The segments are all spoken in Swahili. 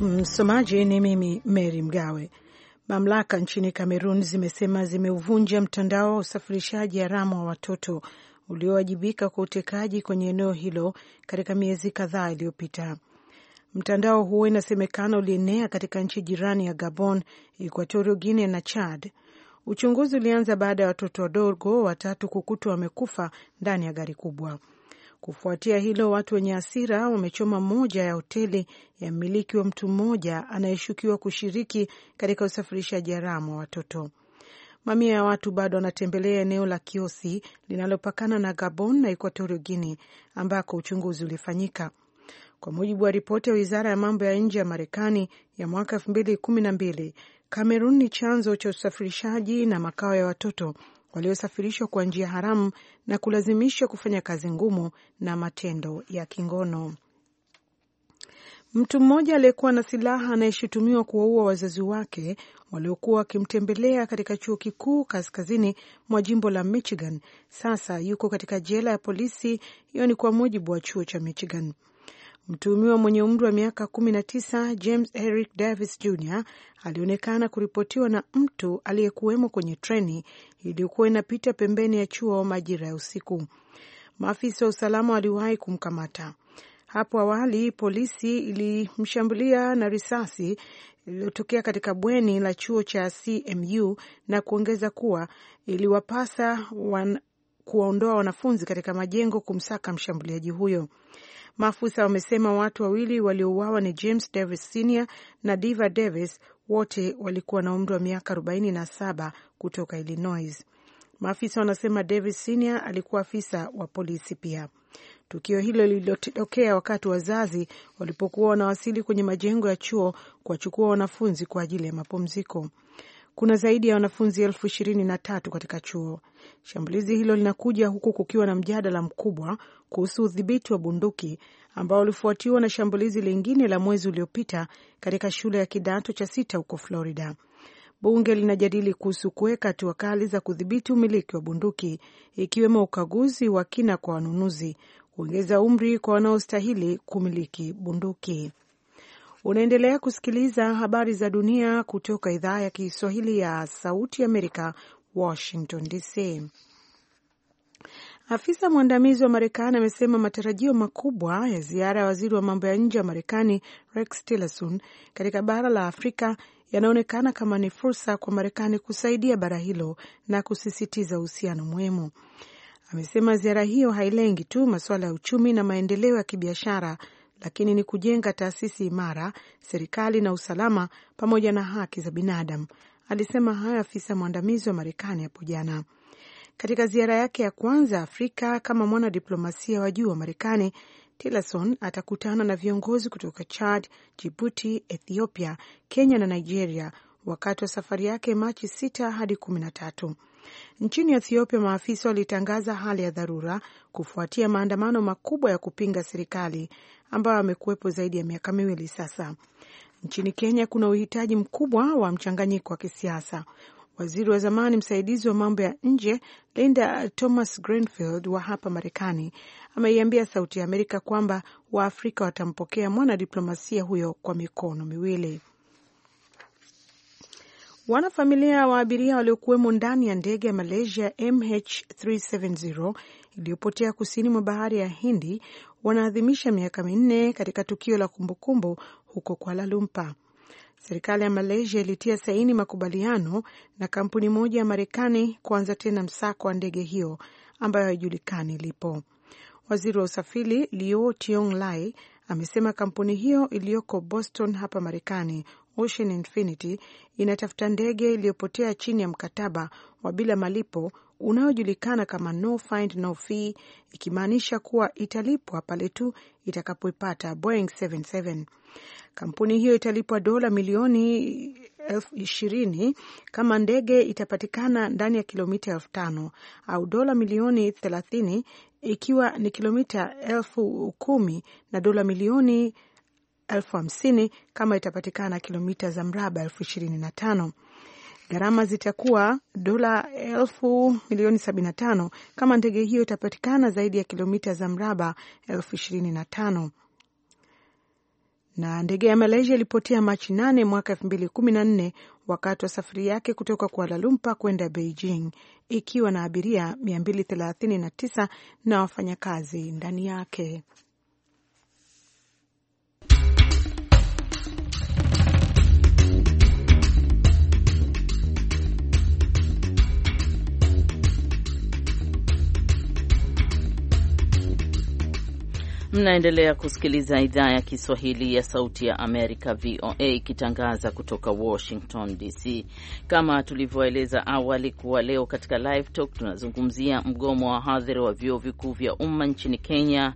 Msomaji ni mimi Mary Mgawe. Mamlaka nchini Kamerun zimesema zimeuvunja mtandao wa usafirishaji haramu wa watoto uliowajibika kwa utekaji kwenye eneo hilo katika miezi kadhaa iliyopita. Mtandao huo inasemekana ulienea katika nchi jirani ya Gabon, Equatorio guine na Chad. Uchunguzi ulianza baada ya watoto wadogo watatu kukutwa wamekufa ndani ya gari kubwa. Kufuatia hilo, watu wenye hasira wamechoma moja ya hoteli ya mmiliki wa mtu mmoja anayeshukiwa kushiriki katika usafirishaji haramu wa watoto. Mamia ya watu bado wanatembelea eneo la Kiosi linalopakana na Gabon na Equatorio Guinea ambako uchunguzi ulifanyika. Kwa mujibu wa ripoti ya wizara ya mambo ya nje ya Marekani ya mwaka elfu mbili kumi na mbili, Kamerun ni chanzo cha usafirishaji na makao ya watoto waliosafirishwa kwa njia haramu na kulazimishwa kufanya kazi ngumu na matendo ya kingono. Mtu mmoja aliyekuwa na silaha anayeshutumiwa kuwaua wazazi wake waliokuwa wakimtembelea katika chuo kikuu kaskazini mwa jimbo la Michigan sasa yuko katika jela ya polisi. Hiyo ni kwa mujibu wa chuo cha Michigan. Mtuhumiwa mwenye umri wa miaka kumi na tisa James Eric Davis Jr alionekana kuripotiwa na mtu aliyekuwemo kwenye treni iliyokuwa inapita pembeni ya chuo majira ya usiku. Maafisa wa usalama waliwahi kumkamata. Hapo awali polisi ilimshambulia na risasi iliyotokea katika bweni la chuo cha CMU na kuongeza kuwa iliwapasa wan, kuwaondoa wanafunzi katika majengo kumsaka mshambuliaji huyo. Maafisa wamesema watu wawili waliouawa ni James Davis Senior na Diva Davis, wote walikuwa na umri wa miaka 47 kutoka Illinois. Maafisa wanasema Davis Senior alikuwa afisa wa polisi pia. Tukio hilo lililotokea wakati wazazi walipokuwa wanawasili kwenye majengo ya chuo kuwachukua wanafunzi kwa ajili ya mapumziko kuna zaidi ya wanafunzi elfu ishirini na tatu katika chuo. Shambulizi hilo linakuja huku kukiwa na mjadala mkubwa kuhusu udhibiti wa bunduki ambao ulifuatiwa na shambulizi lingine la mwezi uliopita katika shule ya kidato cha sita huko Florida. Bunge linajadili kuhusu kuweka hatua kali za kudhibiti umiliki wa bunduki, ikiwemo ukaguzi wa kina kwa wanunuzi, kuongeza umri kwa wanaostahili kumiliki bunduki. Unaendelea kusikiliza habari za dunia kutoka idhaa ya Kiswahili ya Sauti Amerika, Washington DC. Afisa mwandamizi wa Marekani amesema matarajio makubwa ya ziara ya waziri wa mambo ya nje wa Marekani Rex Tillerson katika bara la Afrika yanaonekana kama ni fursa kwa Marekani kusaidia bara hilo na kusisitiza uhusiano muhimu. Amesema ziara hiyo hailengi tu masuala ya uchumi na maendeleo ya kibiashara, lakini ni kujenga taasisi imara, serikali na usalama, pamoja na haki za binadamu. Alisema hayo afisa mwandamizi wa Marekani hapo jana katika ziara yake ya kwanza Afrika. Kama mwanadiplomasia wa juu wa Marekani, Tillerson atakutana na viongozi kutoka Chad, Jibuti, Ethiopia, Kenya na Nigeria wakati wa safari yake Machi 6 hadi 13. Nchini Ethiopia, maafisa walitangaza hali ya dharura kufuatia maandamano makubwa ya kupinga serikali ambayo amekuwepo zaidi ya miaka miwili sasa. Nchini Kenya kuna uhitaji mkubwa wa mchanganyiko wa kisiasa. Waziri wa zamani msaidizi wa mambo ya nje Linda Thomas Greenfield wa hapa Marekani ameiambia Sauti ya Amerika kwamba Waafrika watampokea mwanadiplomasia huyo kwa mikono miwili. Wanafamilia wa abiria waliokuwemo ndani ya ndege ya Malaysia MH370 iliyopotea kusini mwa bahari ya Hindi wanaadhimisha miaka minne katika tukio la kumbukumbu huko Kuala Lumpur. Serikali ya Malaysia ilitia saini makubaliano na kampuni moja ya Marekani kuanza tena msako wa ndege hiyo ambayo haijulikani ilipo. Waziri wa usafiri lio Tiong Lai amesema kampuni hiyo iliyoko Boston hapa Marekani, Ocean Infinity, inatafuta ndege iliyopotea chini ya mkataba wa bila malipo unayojulikana kama no find no fee, ikimaanisha kuwa italipwa pale tu itakapoipata Boeing 77. Kampuni hiyo italipwa dola milioni elfu ishirini kama ndege itapatikana ndani ya kilomita elfu tano au dola milioni thelathini ikiwa ni kilomita elfu kumi na dola milioni elfu hamsini kama itapatikana kilomita za mraba elfu ishirini na tano. Gharama zitakuwa dola elfu milioni sabini na tano kama ndege hiyo itapatikana zaidi ya kilomita za mraba elfu ishirini na tano na ndege ya Malaysia ilipotea Machi nane mwaka elfu mbili kumi nne wakati wa safari yake kutoka Kuala Lumpur kwenda Beijing ikiwa na abiria mia mbili thelathini na tisa na wafanyakazi ndani yake. Mnaendelea kusikiliza idhaa ya Kiswahili ya Sauti ya Amerika, VOA, ikitangaza kutoka Washington DC. Kama tulivyoeleza awali kuwa leo katika Live Talk tunazungumzia mgomo wa wahadhiri wa vyuo vikuu vya umma nchini Kenya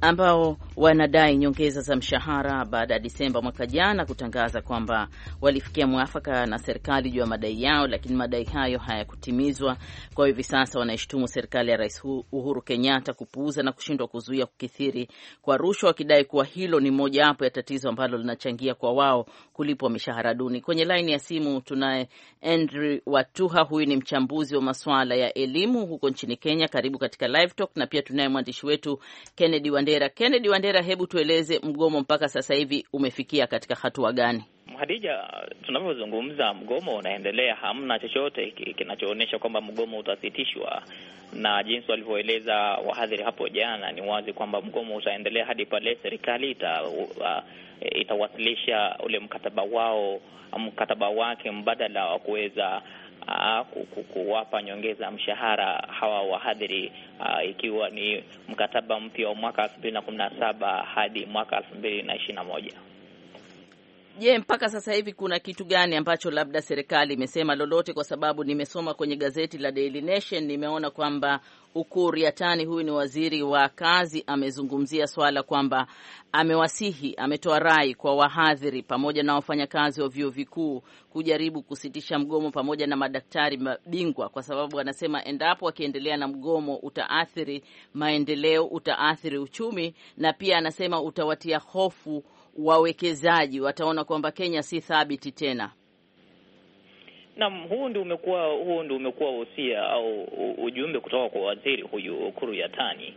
ambao wanadai nyongeza za mshahara baada ya Disemba mwaka jana kutangaza kwamba walifikia mwafaka na serikali juu ya madai yao, lakini madai hayo hayakutimizwa. Kwa hivi sasa wanaishtumu serikali ya Rais Uhuru Kenyatta kupuuza na kushindwa kuzuia kukithiri kwa rushwa, wakidai kuwa hilo ni mojawapo ya tatizo ambalo linachangia kwa wao kulipwa mishahara duni. Kwenye laini ya simu tunaye Andrew Watuha, huyu ni mchambuzi wa masuala ya elimu huko nchini Kenya. Karibu katika Live Talk, na pia tunaye mwandishi wetu Kennedy Wandera. Kennedy Wandera, hebu tueleze mgomo mpaka sasa hivi umefikia katika hatua gani? Hadija, tunavyozungumza mgomo unaendelea, hamna chochote kinachoonyesha kwamba mgomo utasitishwa, na jinsi walivyoeleza wahadhiri hapo jana, ni wazi kwamba mgomo utaendelea hadi pale serikali ita, uh, itawasilisha ule mkataba wao, mkataba wake mbadala wa kuweza uh, kuwapa nyongeza mshahara hawa wahadhiri uh, ikiwa ni mkataba mpya wa mwaka elfu mbili na kumi na saba hadi mwaka elfu mbili na ishirini na moja. Je, mpaka sasa hivi kuna kitu gani ambacho labda serikali imesema lolote? Kwa sababu nimesoma kwenye gazeti la Daily Nation, nimeona kwamba Ukur Yatani, huyu ni waziri wa kazi, amezungumzia swala kwamba amewasihi, ametoa rai kwa wahadhiri pamoja na wafanyakazi wa vyuo vikuu kujaribu kusitisha mgomo pamoja na madaktari mabingwa, kwa sababu anasema endapo akiendelea na mgomo utaathiri maendeleo, utaathiri uchumi, na pia anasema utawatia hofu wawekezaji wataona kwamba Kenya si thabiti tena? Naam, huu ndio umekuwa huu ndio umekuwa wosia au ujumbe kutoka kwa waziri huyu ya Yatani,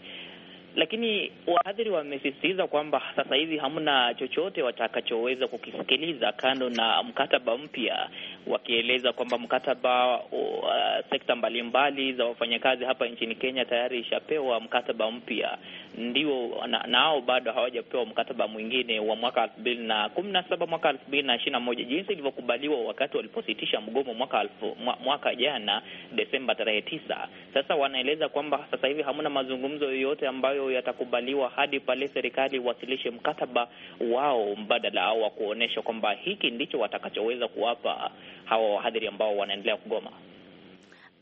lakini wahadhiri wamesisitiza kwamba sasa hivi hamna chochote watakachoweza kukisikiliza kando na mkataba mpya wakieleza kwamba mkataba uh, sekta mbalimbali za wafanyakazi hapa nchini Kenya tayari ishapewa mkataba mpya, ndio na, nao bado hawajapewa mkataba mwingine wa mwaka elfu mbili na kumi na saba mwaka elfu mbili na ishirini na moja jinsi ilivyokubaliwa wakati walipositisha mgomo mwaka elfu, mwaka jana Desemba tarehe tisa. Sasa wanaeleza kwamba sasa hivi hamna mazungumzo yoyote ambayo yatakubaliwa hadi pale serikali iwasilishe mkataba wao mbadala au wa kuonyesha kwamba hiki ndicho watakachoweza kuwapa hawa wahadhiri ambao wanaendelea kugoma.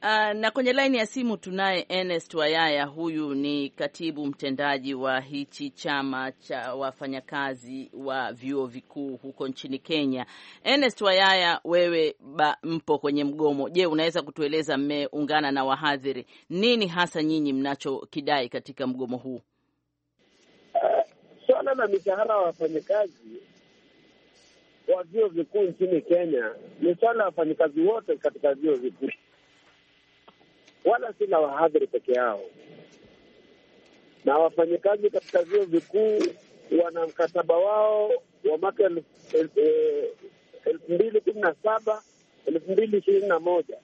Uh, na kwenye laini ya simu tunaye Ernest Wayaya. Huyu ni katibu mtendaji wa hichi chama cha wafanyakazi wa vyuo vikuu huko nchini Kenya. Ernest Wayaya, wewe ba, mpo kwenye mgomo. Je, unaweza kutueleza mmeungana na wahadhiri, nini hasa nyinyi mnachokidai katika mgomo huu? Uh, swala la mishahara wa wafanyakazi wa vyuo vikuu nchini Kenya ni swala ya wafanyikazi wote katika vyuo vikuu, wala si la wahadhiri peke yao. Na wafanyikazi katika vyuo vikuu wana mkataba wao wa mwaka elfu mbili kumi na saba elfu mbili ishirini na moja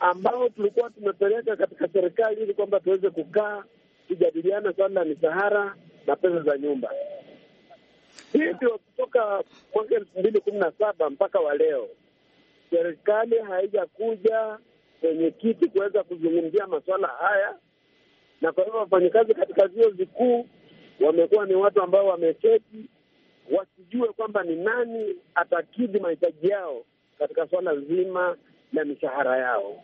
ambao tulikuwa tumepeleka katika serikali ili kwamba tuweze kukaa kujadiliana swala la mishahara na pesa za nyumba hivyo kutoka mwaka elfu mbili kumi na saba mpaka wa leo serikali haijakuja kwenye kiti kuweza kuzungumzia masuala haya, na kwa hivyo wafanyakazi katika vyuo vikuu wamekuwa ni watu ambao wameketi wasijue kwamba ni nani atakidhi mahitaji yao katika suala zima la mishahara yao.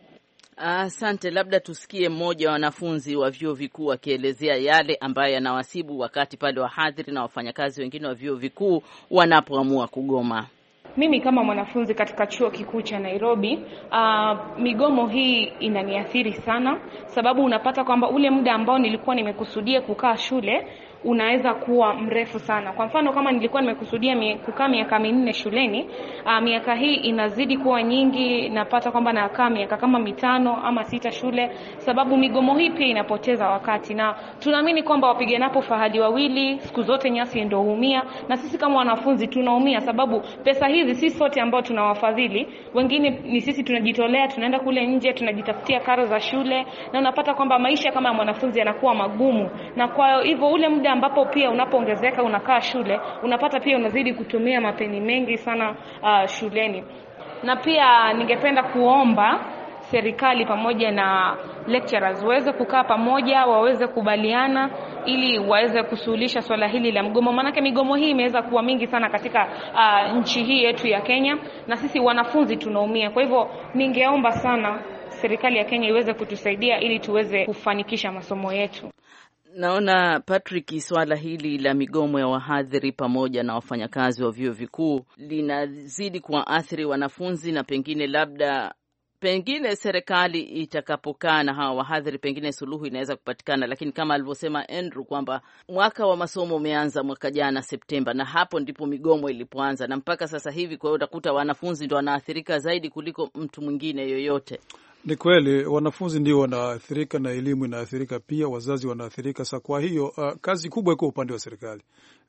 Asante. Labda tusikie mmoja wa wanafunzi wa vyuo vikuu wakielezea yale ambayo yanawasibu wakati pale wahadhiri na wafanyakazi wengine wa vyuo vikuu wanapoamua kugoma. Mimi kama mwanafunzi katika chuo kikuu cha Nairobi, uh, migomo hii inaniathiri sana, sababu unapata kwamba ule muda ambao nilikuwa nimekusudia kukaa shule unaweza kuwa mrefu sana. Kwa mfano kama nilikuwa nimekusudia kukaa miaka minne shuleni, uh, miaka hii inazidi kuwa nyingi, napata kwamba nakaa miaka kama mitano ama sita shule, sababu migomo hii pia inapoteza wakati, na tunaamini kwamba wapiganapo fahali wawili, siku zote nyasi ndio huumia, na sisi kama wanafunzi tunaumia, sababu pesa hizi si sote ambao tunawafadhili, wengine ni sisi tunajitolea, tunaenda kule nje, tunajitafutia karo za shule, na unapata kwamba maisha kama ya mwanafunzi yanakuwa magumu, na kwa hivyo ule muda ambapo pia unapoongezeka unakaa shule, unapata pia unazidi kutumia mapeni mengi sana uh, shuleni. Na pia ningependa kuomba serikali pamoja na lecturers waweze kukaa pamoja, waweze kubaliana ili waweze kusuluhisha swala hili la mgomo, maanake migomo hii imeweza kuwa mingi sana katika uh, nchi hii yetu ya Kenya, na sisi wanafunzi tunaumia. Kwa hivyo ningeomba sana serikali ya Kenya iweze kutusaidia ili tuweze kufanikisha masomo yetu. Naona Patrick, swala hili la migomo ya wahadhiri pamoja na wafanyakazi wa vyuo vikuu linazidi kuwaathiri wanafunzi, na pengine labda pengine serikali itakapokaa na hawa wahadhiri, pengine suluhu inaweza kupatikana, lakini kama alivyosema Andrew kwamba mwaka wa masomo umeanza mwaka jana Septemba, na hapo ndipo migomo ilipoanza na mpaka sasa hivi. Kwa hiyo utakuta wanafunzi ndo wanaathirika zaidi kuliko mtu mwingine yoyote. Ni kweli wanafunzi ndio wanaathirika na elimu inaathirika pia, wazazi wanaathirika. Sa kwa hiyo uh, kazi kubwa iko upande wa serikali.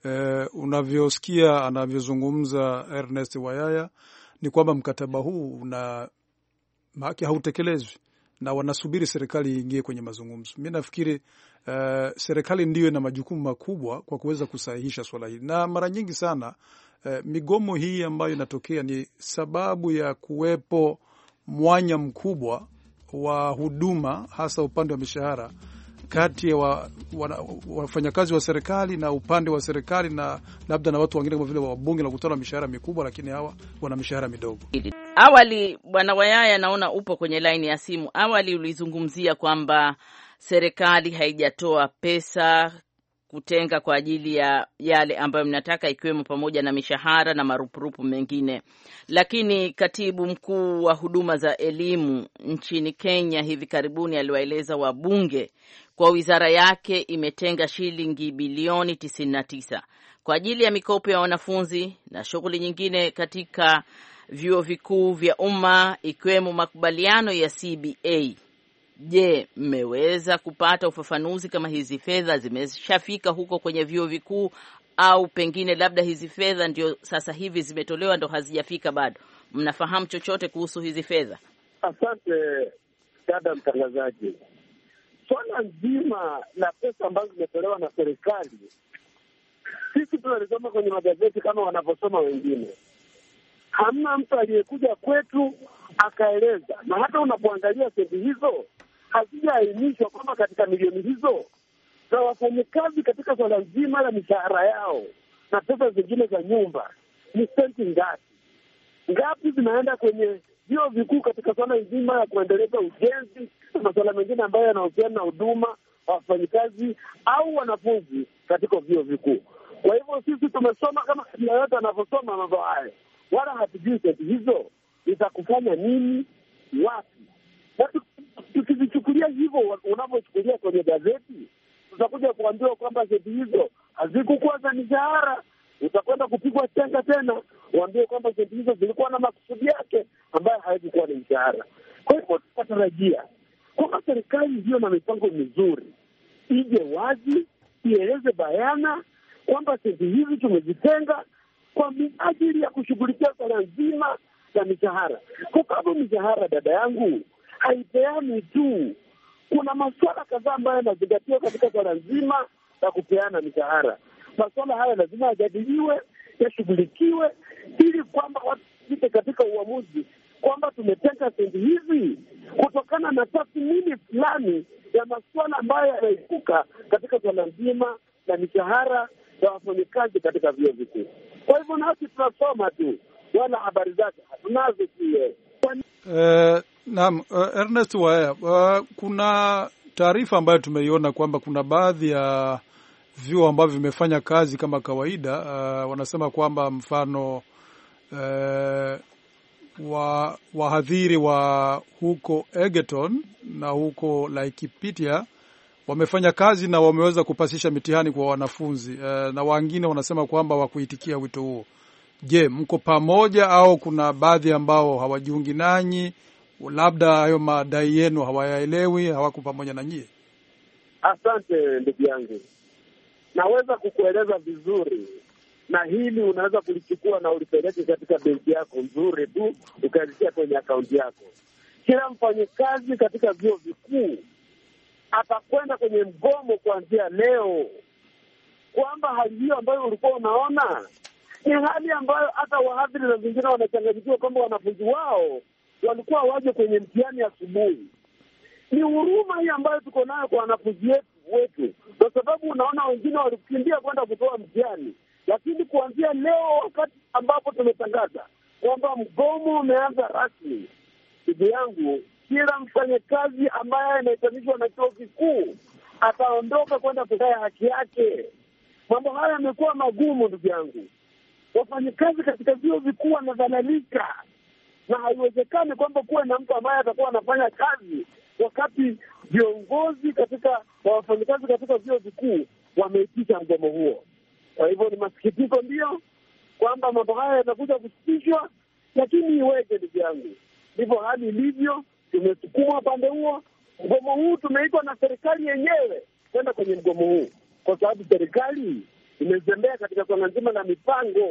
Uh, unavyosikia anavyozungumza Ernest Wayaya ni kwamba mkataba huu una maake hautekelezwi na wanasubiri serikali iingie kwenye mazungumzo. Mi nafikiri uh, serikali ndiyo ina majukumu makubwa kwa kuweza kusahihisha swala hili, na mara nyingi sana uh, migomo hii ambayo inatokea ni sababu ya kuwepo mwanya mkubwa wa huduma hasa upande wa mishahara kati ya wa, wafanyakazi wa, wa serikali na upande wa serikali na labda na watu wengine kama vile wabunge na na mishahara mikubwa, lakini hawa wana mishahara midogo. Awali Bwana Wayaya, naona upo kwenye laini ya simu. Awali ulizungumzia kwamba serikali haijatoa pesa kutenga kwa ajili ya yale ambayo mnataka, ikiwemo pamoja na mishahara na marupurupu mengine. Lakini katibu mkuu wa huduma za elimu nchini Kenya hivi karibuni aliwaeleza wabunge kwa wizara yake imetenga shilingi bilioni 99 kwa ajili ya mikopo ya wanafunzi na shughuli nyingine katika vyuo vikuu vya umma ikiwemo makubaliano ya CBA. Je, mmeweza kupata ufafanuzi kama hizi fedha zimeshafika huko kwenye vyuo vikuu au pengine labda hizi fedha ndio sasa hivi zimetolewa ndo hazijafika bado? Mnafahamu chochote kuhusu hizi fedha? Asante dada mtangazaji. Swala nzima la pesa ambazo zimetolewa na serikali, sisi tunalisoma kwenye magazeti kama wanavyosoma wengine. Hamna mtu aliyekuja kwetu akaeleza, na hata unapoangalia sehemu hizo hazijaainishwa kwamba katika milioni hizo za wafanyakazi katika swala zima la mishahara yao na pesa zingine za nyumba ni senti ngapi? Ngapi zinaenda kwenye vyuo vikuu katika swala zima ya kuendeleza ujenzi na masuala mengine ambayo yanahusiana na huduma wafanyikazi au wanafunzi katika vyuo vikuu. Kwa hivyo sisi tumesoma kama kabila yote anavyosoma mambo hayo, wala hatujui senti hizo itakufanya nini wapi tukizichukulia hivyo unavyochukulia kwenye gazeti, tutakuja kuambiwa kwamba cheti hizo hazikukuwa za mishahara. Utakwenda kupigwa chenga tena, uambie kwamba cheti hizo zilikuwa na makusudi yake ambayo hawezikuwa ni mishahara Kwa hivyo tunatarajia kwamba serikali hiyo na mipango mizuri ije wazi, ieleze bayana kwamba senti hizi tumezitenga kwa minajili ya kushughulikia swala nzima la mishahara, kwa sababu mishahara, dada yangu haipeani tu. Kuna maswala kadhaa ambayo yanazingatiwa katika swala nzima la kupeana mishahara. Masuala haya lazima yajadiliwe, yashughulikiwe, ili kwamba watu wafike katika uamuzi kwamba tumetenga sendi hizi kutokana na tathmini fulani ya maswala ambayo yanaibuka katika swala nzima la mishahara ya wafanyakazi katika vyuo vikuu. Kwa hivyo nasi tunasoma tu, wala habari zake hatunazo. Uh, Naam, uh, Ernest Waya, uh, kuna taarifa ambayo tumeiona kwamba kuna baadhi ya vyuo ambavyo vimefanya kazi kama kawaida. Uh, wanasema kwamba mfano uh, wa wahadhiri wa huko Egerton na huko Laikipia wamefanya kazi na wameweza kupasisha mitihani kwa wanafunzi uh, na wengine wanasema kwamba wakuitikia wito huo. Je, mko pamoja au kuna baadhi ambao hawajiungi nanyi? labda hayo madai yenu hawayaelewi, hawako pamoja na nyie? Asante ndugu yangu, naweza kukueleza vizuri, na hili unaweza kulichukua na ulipeleke katika benki yako nzuri tu, ukaelekea kwenye akaunti yako. Kila mfanyakazi katika vyuo vikuu atakwenda kwenye mgomo kuanzia leo, kwamba hali hiyo ambayo ulikuwa unaona ni hali ambayo hata wahadhiri na vingine wanachanganyikiwa kwamba wanafunzi wao walikuwa waje kwenye mtihani asubuhi. Ni huruma hii ambayo tuko nayo kwa wanafunzi wetu, kwa sababu unaona wengine walikimbia kwenda kutoa mtihani, lakini kuanzia leo, wakati ambapo tumetangaza kwamba mgomo umeanza rasmi, ndugu yangu, kila mfanyakazi ambaye anahitanishwa na chuo kikuu ataondoka kwenda kudai haki yake. Mambo haya yamekuwa magumu, ndugu yangu. Wafanyakazi katika vyuo vikuu wanadhalilika na haiwezekani kwamba kuwe na mtu ambaye atakuwa anafanya kazi wakati viongozi katika na wafanyakazi katika vyuo vikuu wameitisha mgomo huo. Kwa hivyo ni masikitiko ndio kwamba mambo haya yanakuja kusitishwa, lakini iweje, ndugu yangu, ndivyo hali ilivyo. Tumesukumwa upande huo, mgomo huu tumeitwa na serikali yenyewe kwenda kwenye mgomo huu, kwa sababu serikali imezembea katika swala nzima la mipango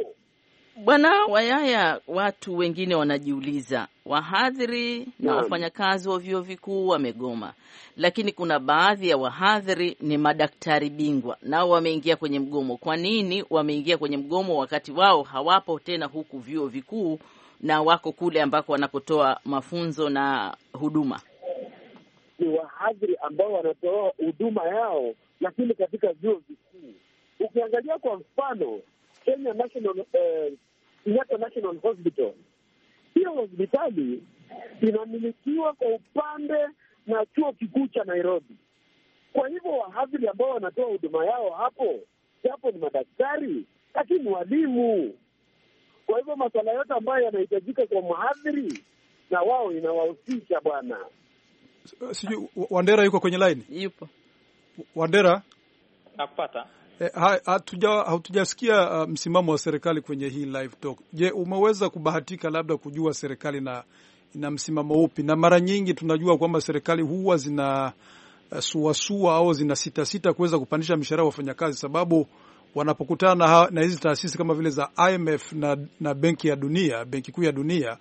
Bwana Wayaya, watu wengine wanajiuliza, wahadhiri na wafanyakazi wa vyuo vikuu wamegoma, lakini kuna baadhi ya wahadhiri ni madaktari bingwa, nao wameingia kwenye mgomo. Kwa nini wameingia kwenye mgomo wakati wao hawapo tena huku vyuo vikuu na wako kule ambako wanakotoa mafunzo na huduma? Ni wahadhiri ambao wanatoa huduma yao, lakini katika vyuo vikuu ukiangalia kwa mfano Kenya National eh, Kenyatta National Hospital. Hiyo hospitali inamilikiwa kwa upande na chuo kikuu cha Nairobi. Kwa hivyo wahadhiri ambao wanatoa huduma yao hapo, japo ni madaktari, lakini walimu. Kwa hivyo masuala yote ambayo yanahitajika kwa mhadhiri na wao inawahusisha. Bwana sijui Wandera yuko kwenye line? Yupo Wandera, nakupata. E, eh, hatujasikia ha, uh, msimamo wa serikali kwenye hii live talk. Je, umeweza kubahatika labda kujua serikali na ina msimamo upi? Na mara nyingi tunajua kwamba serikali huwa zina uh, suasua au zina sitasita kuweza kupandisha mishahara wafanyakazi, sababu wanapokutana na na hizi taasisi kama vile za IMF na, na benki ya dunia, benki kuu ya dunia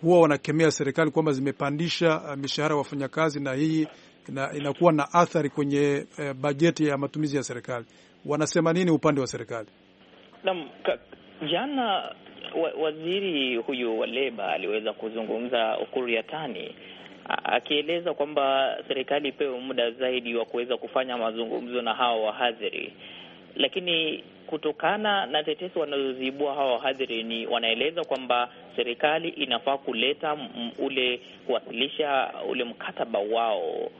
huwa wanakemea serikali kwamba zimepandisha uh, mishahara ya wafanyakazi na hii ina, inakuwa na athari kwenye uh, bajeti ya matumizi ya serikali wanasema nini upande wa serikali? Naam, jana wa, waziri huyu wa leba aliweza kuzungumza Ukur Yatani akieleza kwamba serikali ipewe muda zaidi wa kuweza kufanya mazungumzo na hawa wahadhiri, lakini kutokana na tetesi wanazoziibua hawa wahadhiri ni wanaeleza kwamba serikali inafaa kuleta ule kuwasilisha ule mkataba wao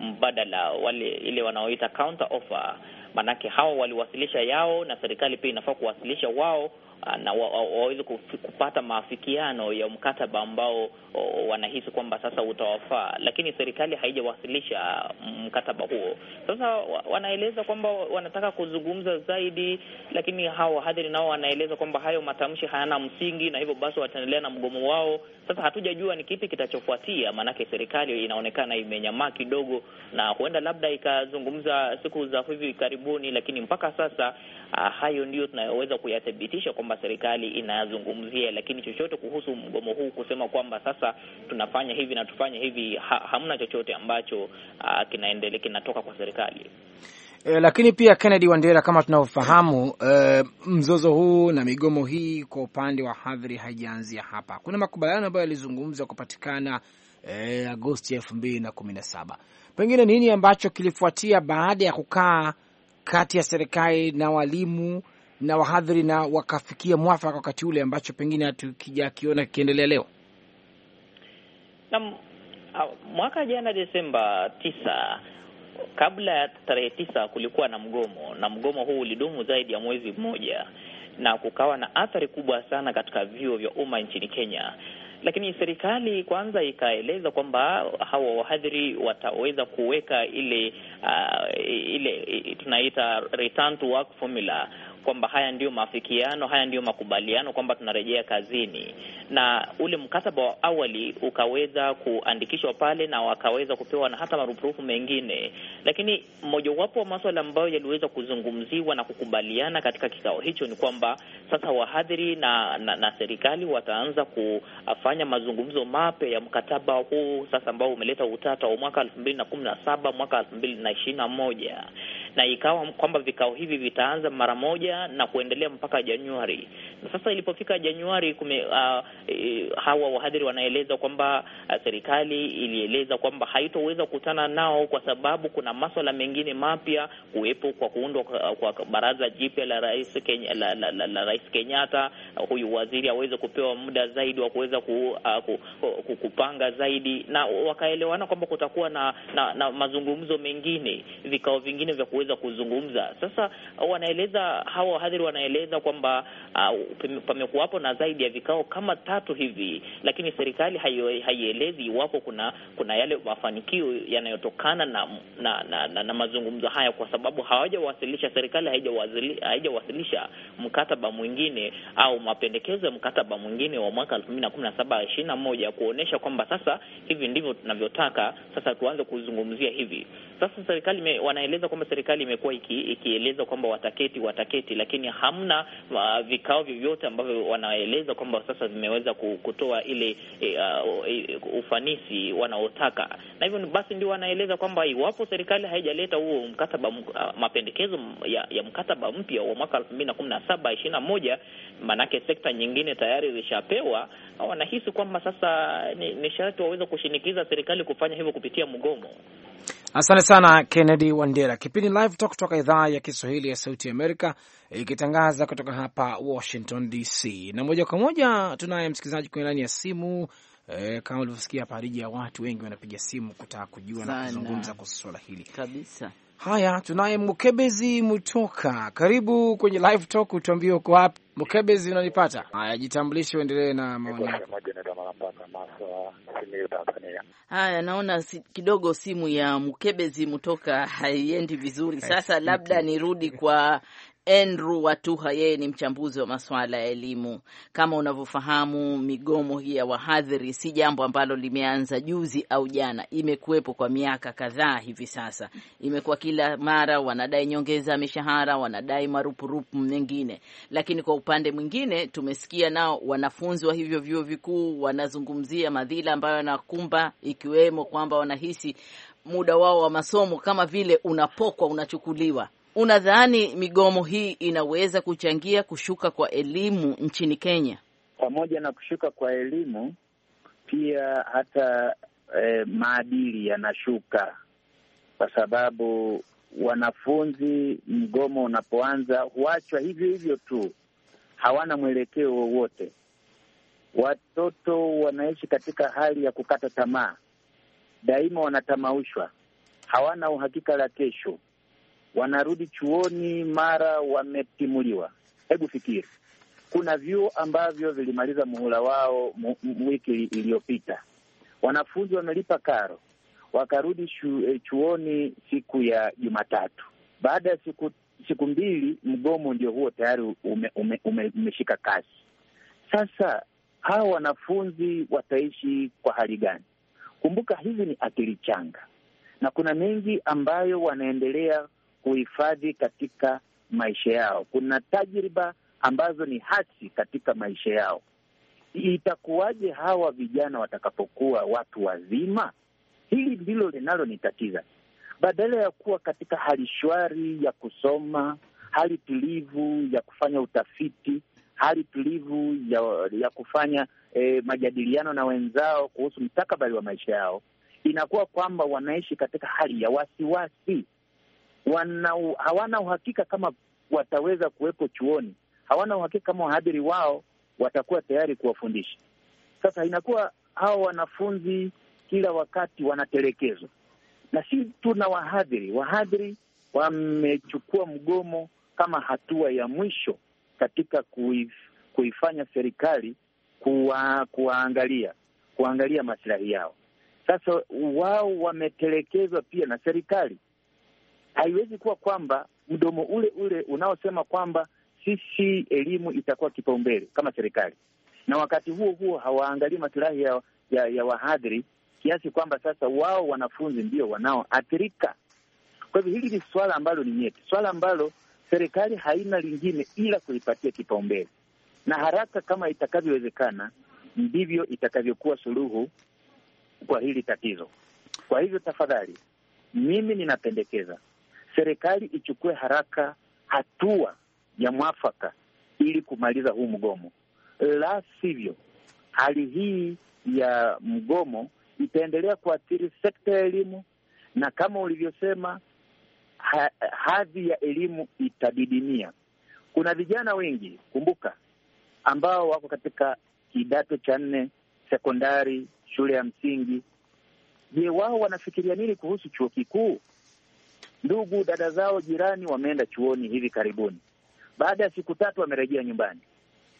mbadala wale ile wanaoita counter offer maanake hao waliwasilisha yao na serikali pia inafaa kuwasilisha wao Ah, na waweze kupata maafikiano ya mkataba ambao wanahisi kwamba sasa utawafaa, lakini serikali haijawasilisha mkataba huo. Sasa wanaeleza kwamba wanataka kuzungumza zaidi, lakini hao wahadhiri nao wanaeleza kwamba hayo matamshi hayana msingi, na hivyo basi wataendelea na mgomo wao. Sasa hatujajua ni kipi kitachofuatia, maanake serikali inaonekana imenyamaa kidogo, na huenda labda ikazungumza siku za hivi karibuni, lakini mpaka sasa ah, hayo ndio tunayoweza kuyathibitisha kwamba kwamba serikali inazungumzia, lakini chochote kuhusu mgomo huu kusema kwamba sasa tunafanya hivi na tufanye hivi ha, hamna chochote ambacho uh, kinaendelea kinatoka kwa serikali. E, lakini pia Kennedy Wandera, kama tunavyofahamu e, mzozo huu na migomo hii kwa upande wa hadhiri haijaanzia hapa. Kuna makubaliano ambayo yalizungumzwa kupatikana e, Agosti elfu mbili na kumi na saba. Pengine nini ambacho kilifuatia baada ya kukaa kati ya serikali na walimu na wahadhiri na wakafikia mwafaka wakati ule, ambacho pengine hatukijakiona kikiendelea leo na ah, mwaka jana Desemba tisa kabla ya tarehe tisa kulikuwa na mgomo, na mgomo huu ulidumu zaidi ya mwezi mmoja, na kukawa na athari kubwa sana katika vyuo vya umma nchini Kenya. Lakini serikali kwanza ikaeleza kwamba hawa wahadhiri wataweza kuweka ile uh, ile tunaita return to work formula kwamba haya ndiyo maafikiano, haya ndiyo makubaliano kwamba tunarejea kazini, na ule mkataba wa awali ukaweza kuandikishwa pale na wakaweza kupewa na hata marupurufu mengine. Lakini mojawapo wa maswala ambayo yaliweza kuzungumziwa na kukubaliana katika kikao hicho ni kwamba sasa wahadhiri na, na, na serikali wataanza kufanya mazungumzo mapya ya mkataba huu sasa ambao umeleta utata wa mwaka elfu mbili na kumi na saba mwaka elfu mbili na ishirini na moja na ikawa kwamba vikao hivi vitaanza mara moja kuendelea na kuendelea mpaka Januari. Sasa ilipofika Januari kume, uh, eh, hawa wahadhiri wanaeleza kwamba uh, serikali ilieleza kwamba haitoweza kukutana nao kwa sababu kuna maswala mengine mapya kuwepo kwa kuundwa kwa, kwa baraza jipya la rais Kenya, la, la, la, la rais Kenyatta, uh, huyu waziri aweze kupewa muda zaidi wa kuweza ku, uh, ku, ku, kupanga zaidi, na wakaelewana kwamba kutakuwa na, na, na mazungumzo mengine, vikao vingine vya kuweza kuzungumza. Sasa wanaeleza hawa wahadhiri wanaeleza kwamba uh, pamekuwapo na zaidi ya vikao kama tatu hivi, lakini serikali haielezi iwapo kuna kuna yale mafanikio yanayotokana na na, na, na, na mazungumzo haya, kwa sababu hawajawasilisha, serikali haijawasilisha mkataba mwingine au mapendekezo ya mkataba mwingine wa mwaka elfu mbili na kumi na saba ishirini na moja kuonyesha kwamba sasa hivi ndivyo tunavyotaka, sasa tuanze kuzungumzia hivi. Sasa serikali me, wanaeleza kwamba serikali imekuwa iki, ikieleza kwamba wataketi wataketi tofauti, lakini hamna uh, vikao vyovyote ambavyo wanaeleza kwamba sasa vimeweza kutoa ile uh, ufanisi wanaotaka, na hivyo basi ndio wanaeleza kwamba iwapo serikali haijaleta huo mkataba uh, mapendekezo ya, ya mkataba mpya wa mwaka elfu mbili na kumi na saba ishirini na moja maanake sekta nyingine tayari zishapewa Wanahisi kwamba sasa ni, ni sharti waweze kushinikiza serikali kufanya hivyo kupitia mgomo. Asante sana Kennedy Wandera. Kipindi Live Talk kutoka idhaa ya Kiswahili ya Sauti Amerika ikitangaza kutoka hapa Washington DC, na moja kwa moja tunaye msikilizaji kwenye laini ya simu. E, kama ulivyosikia hapa ya watu wengi wanapiga simu kutaka kujua sana na kuzungumza kuhusu swala hili kabisa. Haya, tunaye Mukebezi Mutoka, karibu kwenye live talk, utuambie uko wapi Mukebezi, unanipata? Haya, jitambulishe uendelee na maoni. Haya, naona kidogo simu ya Mukebezi Mutoka haiendi vizuri, eh, sasa labda nirudi kwa Andrew Watuha, yeye ni mchambuzi wa masuala ya elimu. Kama unavyofahamu, migomo hii ya wahadhiri si jambo ambalo limeanza juzi au jana, imekuwepo kwa miaka kadhaa hivi sasa. Imekuwa kila mara wanadai nyongeza ya mishahara, wanadai marupurupu mengine. Lakini kwa upande mwingine, tumesikia nao wanafunzi wa hivyo vyuo vikuu wanazungumzia madhila ambayo yanakumba, ikiwemo kwamba wanahisi muda wao wa masomo kama vile unapokwa, unachukuliwa Unadhani migomo hii inaweza kuchangia kushuka kwa elimu nchini Kenya? Pamoja na kushuka kwa elimu, pia hata eh, maadili yanashuka, kwa sababu wanafunzi, mgomo unapoanza, huachwa hivyo hivyo tu, hawana mwelekeo wowote. Watoto wanaishi katika hali ya kukata tamaa, daima wanatamaushwa, hawana uhakika la kesho wanarudi chuoni mara wametimuliwa. Hebu fikiri, kuna vyuo ambavyo vilimaliza muhula wao wiki iliyopita, wanafunzi wamelipa karo, wakarudi shu, eh, chuoni siku ya Jumatatu. Baada ya siku siku mbili, mgomo ndio huo tayari umeshika ume, ume, ume kasi. Sasa hawa wanafunzi wataishi kwa hali gani? Kumbuka hizi ni akili changa, na kuna mengi ambayo wanaendelea kuhifadhi katika maisha yao. Kuna tajriba ambazo ni hasi katika maisha yao. Itakuwaje hawa vijana watakapokuwa watu wazima? Hili ndilo linalonitatiza. Badala ya kuwa katika hali shwari ya kusoma, hali tulivu ya kufanya utafiti, hali tulivu ya, ya kufanya eh, majadiliano na wenzao kuhusu mstakabali wa maisha yao, inakuwa kwamba wanaishi katika hali ya wasiwasi wasi wana, hawana uhakika kama wataweza kuwepo chuoni, hawana uhakika kama wahadhiri wao watakuwa tayari kuwafundisha. Sasa inakuwa hao wanafunzi kila wakati wanatelekezwa, na si tu na wahadhiri. Wahadhiri wamechukua mgomo kama hatua ya mwisho katika kuif, kuifanya serikali kuwa, kuwaangalia kuangalia masilahi yao. Sasa wao wametelekezwa pia na serikali haiwezi kuwa kwamba mdomo ule ule unaosema kwamba sisi elimu itakuwa kipaumbele kama serikali, na wakati huo huo hawaangalii masilahi ya, ya, ya wahadhiri kiasi kwamba sasa wao wanafunzi ndio wanaoathirika. Kwa hivyo hili ni swala ambalo ni nyeti, swala ambalo serikali haina lingine ila kulipatia kipaumbele, na haraka kama itakavyowezekana ndivyo itakavyokuwa suluhu kwa hili tatizo. Kwa hivyo tafadhali, mimi ninapendekeza serikali ichukue haraka hatua ya mwafaka ili kumaliza huu mgomo, la sivyo hali hii ya mgomo itaendelea kuathiri sekta ya elimu, na kama ulivyosema, ha hadhi ya elimu itadidimia. Kuna vijana wengi, kumbuka, ambao wako katika kidato cha nne, sekondari, shule ya msingi. Je, wao wanafikiria nini kuhusu chuo kikuu? ndugu dada zao jirani wameenda chuoni hivi karibuni, baada ya siku tatu wamerejea nyumbani.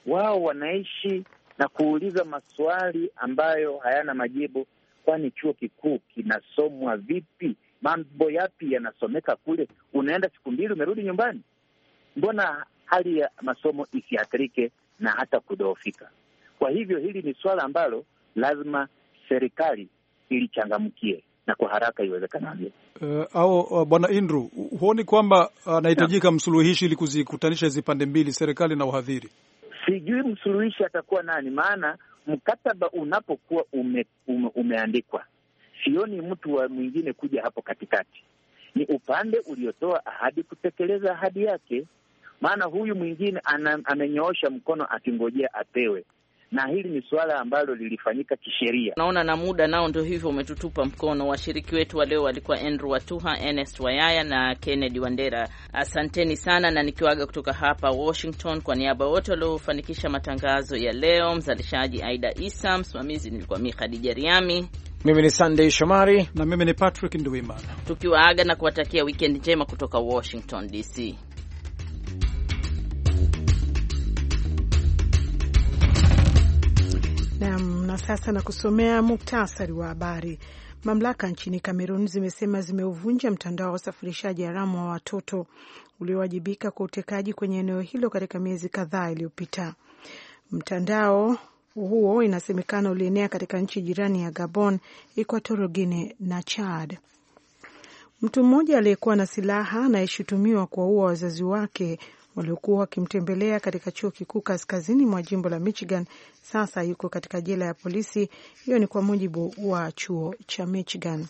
Wao wanaishi na kuuliza maswali ambayo hayana majibu, kwani chuo kikuu kinasomwa vipi? Mambo yapi yanasomeka kule? Unaenda siku mbili, umerudi nyumbani. Mbona hali ya masomo isiathirike na hata kudhoofika? Kwa hivyo hili ni suala ambalo lazima serikali ilichangamkie na kwa haraka iwezekanavyo. Uh, au uh, bwana Indru, huoni kwamba anahitajika uh, msuluhishi ili kuzikutanisha hizi pande mbili, serikali na wahadhiri? Sijui msuluhishi atakuwa nani, maana mkataba unapokuwa ume, ume, umeandikwa sioni mtu wa mwingine kuja hapo katikati. Ni upande uliotoa ahadi kutekeleza ahadi yake, maana huyu mwingine amenyoosha mkono akingojea apewe na hili ni suala ambalo lilifanyika kisheria. Naona na muda nao ndio hivyo umetutupa mkono. Washiriki wetu wa leo walikuwa Andrew Watuha, Ernest Wayaya na Kennedy Wandera. Asanteni sana, na nikiwaga kutoka hapa Washington kwa niaba wote waliofanikisha matangazo ya leo, mzalishaji Aida Isa, msimamizi nilikuwa mi Khadija Riami, mimi ni sandey Shomari na mimi ni Patrick Nduimana, tukiwaaga na kuwatakia wikendi njema kutoka Washington DC. Naam, na sasa na kusomea muktasari wa habari. Mamlaka nchini Kamerun zimesema zimeuvunja mtandao wa usafirishaji haramu wa watoto uliowajibika kwa utekaji kwenye eneo hilo katika miezi kadhaa iliyopita. Mtandao huo inasemekana ulienea katika nchi jirani ya Gabon, Equatorial Guinea na Chad. Mtu mmoja aliyekuwa na silaha anayeshutumiwa kuwaua wazazi wake waliokuwa wakimtembelea katika chuo kikuu kaskazini mwa jimbo la Michigan sasa yuko katika jela ya polisi. Hiyo ni kwa mujibu wa chuo cha Michigan.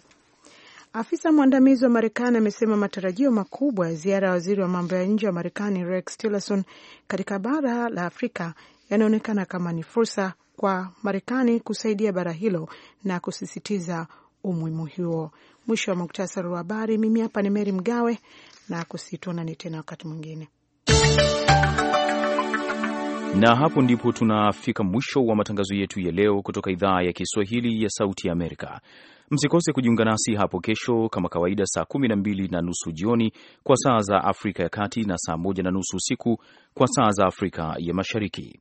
Afisa mwandamizi wa Marekani amesema matarajio makubwa ya ziara ya waziri wa mambo ya nje wa Marekani Rex Tillerson katika bara la Afrika yanaonekana kama ni fursa kwa Marekani kusaidia bara hilo na kusisitiza umuhimu huo. Mwisho wa muktasari wa habari. Mimi hapa ni Meri Mgawe na kusituonani tena wakati mwingine. Na hapo ndipo tunafika mwisho wa matangazo yetu ya leo kutoka idhaa ya Kiswahili ya Sauti ya Amerika. Msikose kujiunga nasi hapo kesho kama kawaida, saa kumi na mbili na nusu jioni kwa saa za Afrika ya Kati na saa moja na nusu usiku kwa saa za Afrika ya Mashariki.